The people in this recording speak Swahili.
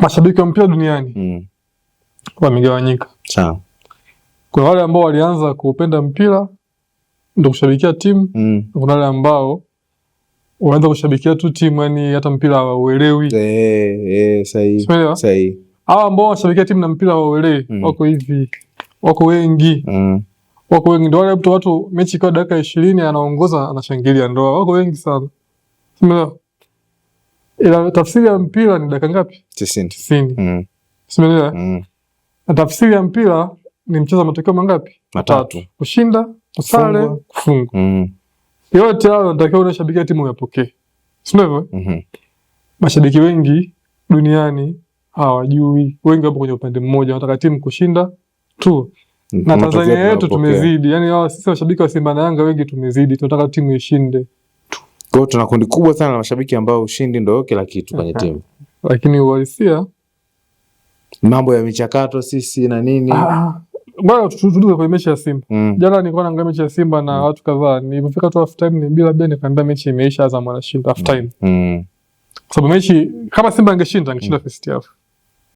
mashabiki wa mpira duniani mm. wamegawanyika. Kuna wale ambao walianza kuupenda mpira ndo kushabikia timu mm. kuna wale ambao wanaanza kushabikia tu timu, yani hata mpira hawauelewi. Eh, eh, Hawa ambao wanashabikia timu na mpira hawauelewi mm. wako hivi, wako wengi mm. wako wengi, ndo wale mtu watu mechi kwa dakika ishirini anaongoza anashangilia, ndio wako wengi sana, ila tafsiri ya mpira ni dakika ngapi? tisini. tisini. Mm. Simenelewa? Mm. Na tafsiri ya mpira ni mchezo wa matokeo mangapi? Matatu. Kushinda, kusale, kufunga. Mm. Yote hayo natakiwa shabiki timu yapokee, si ndivyo? mm -hmm. Mashabiki wengi duniani hawajui, wengi wapo kwenye upande mmoja, wanataka timu kushinda tu na Tanzania yetu tumezidi, Yaani hawa sisi mashabiki wa Simba na Yanga wengi tumezidi, tunataka timu ishinde. Kwa tuna kundi kubwa sana la mashabiki ambao ushindi ndio kila kitu kwenye timu, lakini uhalisia mambo ya michakato sisi na nini ah, ah. Bwana tutulize kwenye mechi ya Simba. Mm. Jana nilikuwa naangalia mechi ya Simba na mm. watu kadhaa. Nilipofika tu half time ni bila bia nikaambia mechi imeisha Azam anashinda half mm. time. Mm. sababu mechi kama Simba angeshinda angeshinda mm. first half.